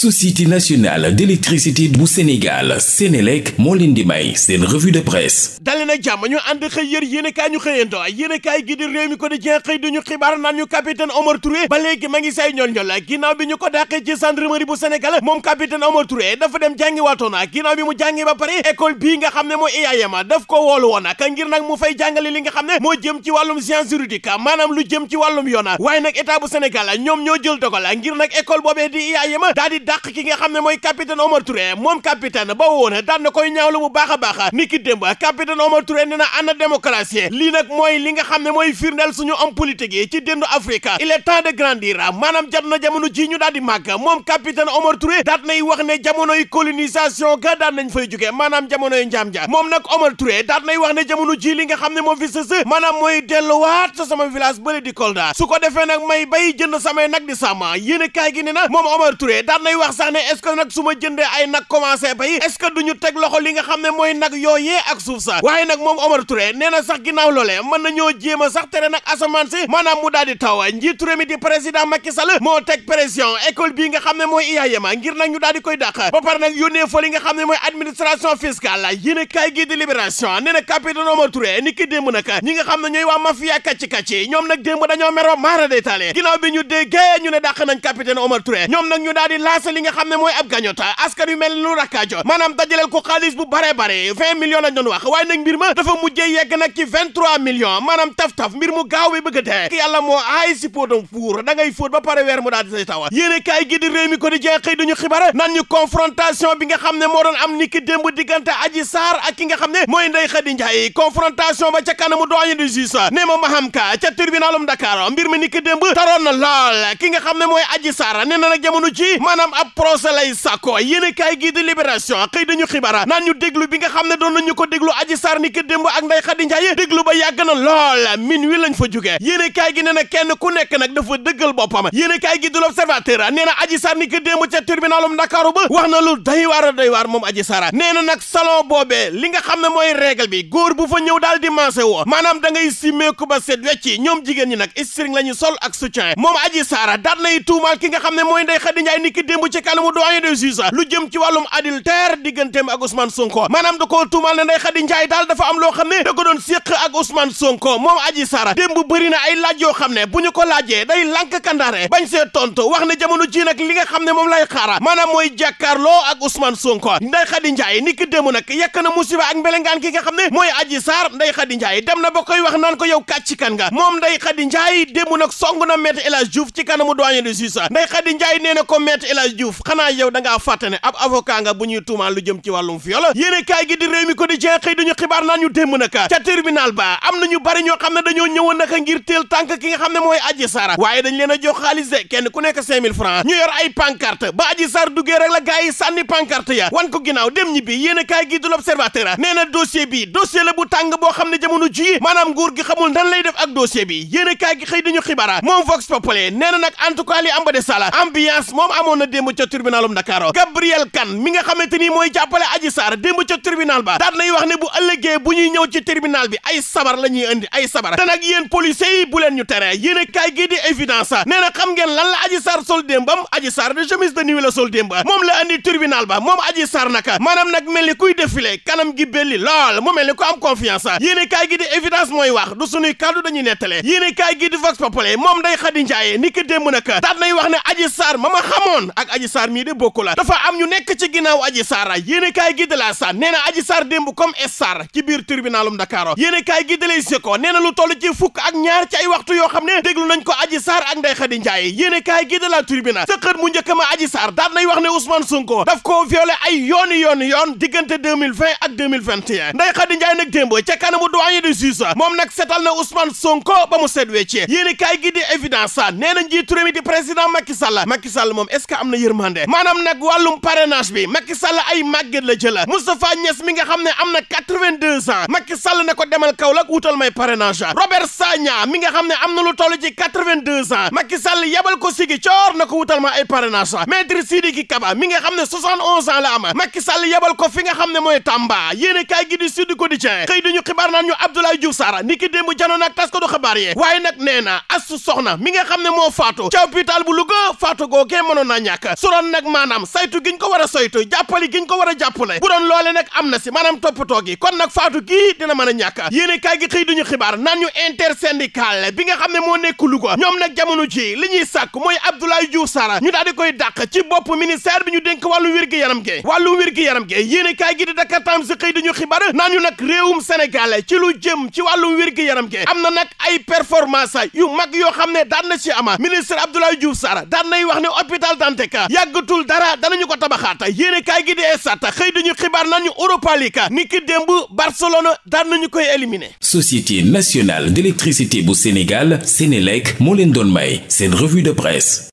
société nationale d'électricité bu Sénégal Sénélec moo leen di may seen revue de presse dale jàmm ñu ànd xëy yër yéenekaay ñu xëyanto yéenekaay gi di Rewmi Quotidien xëy duñu xibaar naan ñu capitaine Omar Touré ba léegi ma ngi say ñol ñol ginnaaw bi ñu ko dàqee ci gendarmerie bu Sénégal moom capitaine Omar Touré dafa dem jàngi waatoona ginnaaw bi mu jàngi ba pare école bii nga xam ne mooy IAM daf ko woolu woon ak ngir nag mu li nga xam ne moo jëm ci wàllum science juridique maanaam lu jëm ci wàllum yoona waaye nag ñoo jël dogal ngir nag école dàq ki nga xam ne mooy na koy ñaawlu bu baax a baax ni ki démb capitaine Omar Touré nee na ana lii nag mooy li nga xam ne mooy firndeel suñu homme politique yi ci déndu Afrique il est temps de grandir maanaam jot na jamono ji ñu daal di màgg moom capitaine Omar Touré daat nay wax ne jamonoy colonisation ga daan nañ fay jóge maanaam jamonoy njaam ja moom nag Omar Touré daat nay wax ne jamono ji li nga xam ne moo fi sës maanaam mooy delluwaat sa sama wax sax ne est nag su ma jëndee ay nag commencé bay est-ce que teg loxo li nga xam ne mooy nag yooyee ak suuf sa waaye nag moom Omar Touré nee na sax ginnaaw loolee mën nañoo jéem a sax tere nag asamaan si maanaam mu daal di taw njiitu mi di président Macky moo teg pression école bii nga xam ne mooy IAM ngir nag ñu daal di koy dàq ba pare nag yónnee fa li nga xam ne mooy administration fiscale yéen kaay gi di libération nee ne nag démb Omar daal di laas li nga xam ne mooy ab gañota askan yu mel lu rakkaajo maanaam dajaleel ko xaalis bu bare bare vingt millions lañ doon wax waaye nag mbir ma dafa mujjee yegg nag ci vingt-trois millions maanaam taf-taf mbir mu gaaw bi bëgg a dee yàlla moo aay si póotam fuur da ngay fóot ba pare weer mu daal di tawa yéene kaay gi di mi ko di jeex xëy duñu xibara nan ñu confrontation bi nga xam ne moo doon am ni ki démb diggante Adji Sarr ak ki nga xam ne mooy Ndeye Khady Ndiaye ba ca kanamu doyen de justice ne ma maham ka ca mooy Adji Sarr nee na nag jamono ab procès lay sàkko yéene kaay gii di libération xëy dañu xibaar naan ñu déglu bi nga xam ne doon nañu ko déglu aji saar ni ki démb ak nday xadi njaay déglu ba yàgg na lool min wi lañ fa jógee yéene kaay gi nee na kenn ku nekk nag dafa dëggal boppam yéene kaay gi du l'observateur nee na aji saar ni ki démb ca tribunalum ndakaaru ba wax na lu doy waar a doy moom aji saara nee na nag salon boobe li nga xam ne mooy règle bi góor bu fa ñëw daal di mancé woo maanaam da ngay simeeku ba set wecci ñoom jigéen ñi nag sol ak moom aji saara daat nay tuumaal ki nga xam ne mooy nday xadi njaay ni ki démb ci kanamu doyen des juges lu jëm ci wàllum adultère digganteem ak Ousmane Sonko maanaam da koo tuumal ne Ndeye Khady Ndiaye daal dafa am loo xam ne da ko doon séq ak Ousmane Sonko moom Adji Sarr démb bëri na ay laaj yoo xam ne bu ñu ko laajee day lank kandaare bañ see tontu wax ne jamono ji nag li nga xam ne moom lay xaara maanaam mooy jàkkaarloo ak Ousmane Sonko Ndeye Khady Ndiaye ni ki démb nag yàkk na musiba ak mbelengaan ki nga xam ne mooy Adji Sarr Ndeye Khady Ndiaye na ba koy wax ko yow kàcc kan nga moom Ndeye Khady Ndiaye na Maître El Hadji Diouf ci kanamu doyen des juges Ndeye Khady Ndiaye nee Abdoulaye Diouf xanaa yow da ngaa fàtte ne ab avocat nga bu ñuy tuumaa lu jëm ci wàllum viol yéene kaay gi di réew mi quotidien xëy duñu xibaar naan ñu démb naka ca tribunal ba am nañu bari ñoo xam ne dañoo ñëwoon ngir teel tànk ki nga xam ne mooy Adji Sarr waaye dañ leen a jox xaalis de kenn ku nekk cinq francs ñu yor ay pancarte ba Adji Sarr duggee rek la gars sànni pancarte ya wan ko ginnaaw dem ñi yéene kaay gi du l'observateur nee na dossier bi dossier démb a moom la indi tribunal ba moom Adji Sarr naka maanaam nag mel ni kuy défilé kanam gi belli lool mu mel ni ko am a moom day Xadi Njaay ni ak Adji Sarr mii de bokku dafa am ñu nekk ci ginnaaw Adji Sarr yéene kaay gi de la sa nee na Adji Sarr démb comme Essar ci biir tribunalum Dakar yéene kaay gi de lay seko nee na lu toll ci fukk ak ñaar ci ay waxtu yoo xam ne déglu nañ ko Adji Sarr ak Ndeye Khady Ndiaye yéene kaay gi la tribunal sa xët mu njëkk ma Adji Sarr nay wax ne Ousmane Sonko daf ko violé ay yooni yooni yoon diggante 2020 ak 2021 Ndeye Khady Ndiaye nag ca kanamu doyen de juge moom nag setal na Ousmane Sonko ba mu set wecce yéene kaay gi di évidence nee na njiitu na yërmande maanaam nag wàllum parrainage bi Macky Sall ay màgget la jëla Moustapha Niass mi nga xam ne am na quatre-vingt-deux ans Macky Sall ne ko demal Kaolack wutal may parrainage Robert Sagna mi nga xam ne am na lu toll ci quatre-vingt-deux ans Macky ko sigi coor na ko wutal ma ay parrainage Maître Sidiki Kaba mi nga xam ne soixante-onze la am Macky Sall ko fi nga xam ne mooy Tamba yéene kaay gi di Sud Quotidien xëy dañu ñu xibaar naa ñàkk nag su nag maanaam saytu giñ ko war a saytu jàppale giñ ko war a jàppale bu doon loole nag am na si maanaam toppatoo gi kon nag faatu gii dina mën a ñàkk yéen kaa gi xëy ñu xibaar naan ñu intersyndical bi nga xam ne moo nekk Louga ñoom nag jamono ji li ñuy sàkk mooy Abdoulaye Diouf Sarr ñu daal di koy dàq ci bopp ministère bi ñu denk wàllu wér gi yaram gi wàllu wér gi yaram gi yéen kaay gi di Dakar Times xëy duñu xibaar naan ñu nag réewum Sénégal ci lu jëm ci wàllu wér yaram gi am na nag ay performance yu mag yoo xam ne daan na ci ama ministre Abdoulaye Diouf Sarr daan nay wax League yàggatul dara danañu ko tabaxaata yéene kaay gi di esata xëy dañu xibaar naan ñu Europa League ni ki démb Barcelone daan nañu koy éliminer Société nationale d'électricité bu Sénégal Sénélec moo leen doon may seen revue de presse